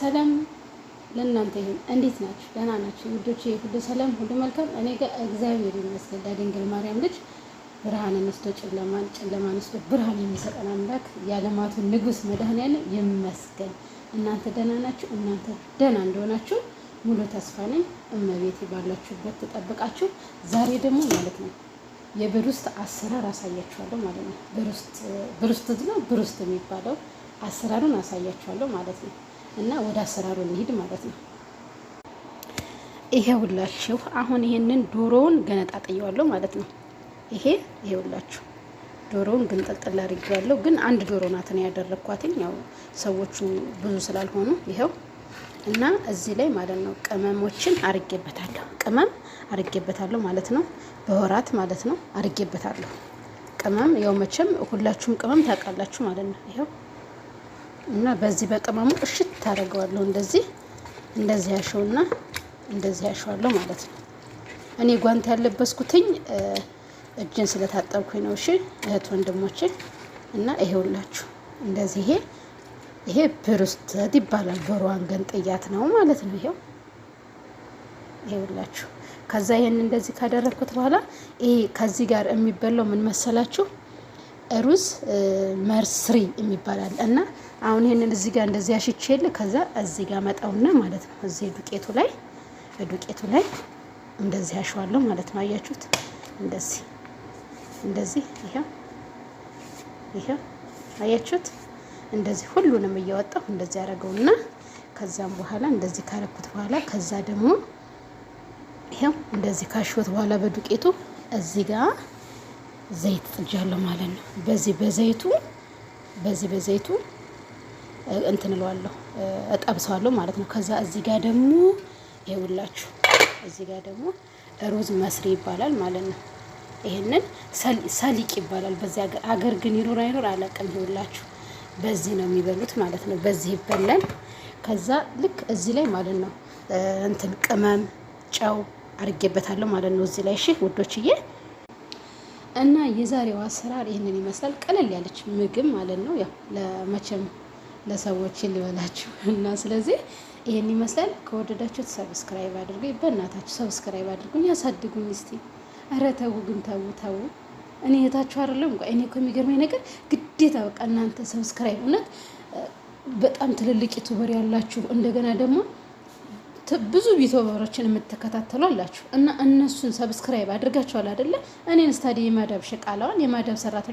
ሰላም ለእናንተ ይሁን። እንዴት ናችሁ? ደህና ናችሁ ውዶች? ሁሉ ሰላም፣ ሁሉ መልካም። እኔ ጋር እግዚአብሔር ይመስገን። ለድንግል ማርያም ልጅ ብርሃን ነስቶ ጨለማን፣ ጨለማ ነስቶ ብርሃን የሚሰጠን አምላክ የዓለማቱ ንጉሥ መድኃኔዓለም ይመስገን። እናንተ ደህና ናችሁ? እናንተ ደህና እንደሆናችሁ ሙሉ ተስፋ ነኝ። እመቤቴ ባላችሁበት ተጠብቃችሁ። ዛሬ ደግሞ ማለት ነው የብሩስት አሰራር አሳያችኋለሁ ማለት ነው። ብሩስት ብሩስት ነው ብሩስት የሚባለው አሰራሩን አሳያችኋለሁ ማለት ነው። እና ወደ አሰራሩ እንሂድ ማለት ነው። ይሄ ሁላችሁ አሁን ይሄንን ዶሮውን ገነጣጥየዋለሁ ማለት ነው። ይሄ ሁላችሁ ዶሮውን ግንጥልጥል አድርጌዋለሁ። ግን አንድ ዶሮ ናት ነው ያደረኳትኝ፣ ያው ሰዎቹ ብዙ ስላልሆኑ ይሄው እና እዚህ ላይ ማለት ነው ቅመሞችን አርጌበታለሁ። ቅመም አርጌበታለሁ ማለት ነው። በወራት ማለት ነው አርጌበታለሁ። ቅመም ያው መቼም ሁላችሁም ቅመም ታውቃላችሁ ማለት ነው። ይሄው እና በዚህ በቅመሙ እሽት ታደርገዋለሁ። እንደዚህ እንደዚህ ያሸውና እንደዚህ ያሸዋለሁ ማለት ነው። እኔ ጓንት ያለበስኩትኝ እጅን ስለታጠብኩኝ ነው። እሺ እህት ወንድሞቼ፣ እና ይሄውላችሁ እንደዚህ ይሄ ይሄ ብሩስተት ይባላል። ዶሮዋን ገንጥያት ነው ማለት ነው። ይሄው ይሄውላችሁ። ከዛ ይሄን እንደዚህ ካደረግኩት በኋላ ይሄ ከዚህ ጋር የሚበላው ምን መሰላችሁ? ሩዝ መርስሪ የሚባላል እና አሁን ይህንን እዚህ ጋር እንደዚህ አሽቼል ከዛ እዚህ ጋር መጣውና ማለት ነው እዚህ ዱቄቱ ላይ በዱቄቱ ላይ እንደዚህ አሸዋለሁ ማለት ነው። አያችሁት? እንደዚህ እንደዚህ ይኸው ይኸው አያችሁት? እንደዚህ ሁሉንም እያወጣሁ እንደዚህ አደረገውና ከዛም በኋላ እንደዚህ ካረኩት በኋላ ከዛ ደግሞ ይኸው እንደዚህ ካሽወት በኋላ በዱቄቱ እዚህ ጋር ዘይት ጥጃለሁ ማለት ነው። በዚህ በዘይቱ በዚህ በዘይቱ እንትንለዋለሁ እጠብሰዋለሁ ማለት ነው። ከዛ እዚህ ጋር ደግሞ ይኸውላችሁ እዚህ ጋር ደግሞ ሩዝ መስሪ ይባላል ማለት ነው። ይህንን ሰሊቅ ይባላል በዚህ አገር አገር ግን ይኖር አይኖር አላውቅም። ይኸውላችሁ በዚህ ነው የሚበሉት ማለት ነው። በዚህ ይበላል። ከዛ ልክ እዚህ ላይ ማለት ነው እንትን ቅመም ጨው አድርጌበታለሁ ማለት ነው። እዚህ ላይ እሺ ውዶችዬ እና የዛሬው አሰራር ይህንን ይመስላል። ቀለል ያለች ምግብ ማለት ነው። ያው ለመቼም ለሰዎች ሊበላችሁ እና ስለዚህ ይህን ይመስላል። ከወደዳችሁት ሰብስክራይብ አድርጉኝ፣ በእናታችሁ ሰብስክራይብ አድርጉኝ፣ ያሳድጉኝ እስቲ። ኧረ ተው ግን ተው ተው፣ እኔ እህታችሁ አይደለም እኔ እኮ የሚገርመኝ ነገር ግዴታ በቃ እናንተ ሰብስክራይብ እውነት በጣም ትልልቅ ዩቱበር ያላችሁ እንደገና ደግሞ ብዙ ቢቶበሮችን የምትከታተሉ አላችሁ እና እነሱን ሰብስክራይብ አድርጋችኋል አይደለ? እኔን ስታዲ የማዳብ ሸቃላዋን የማዳብ ሰራተኛ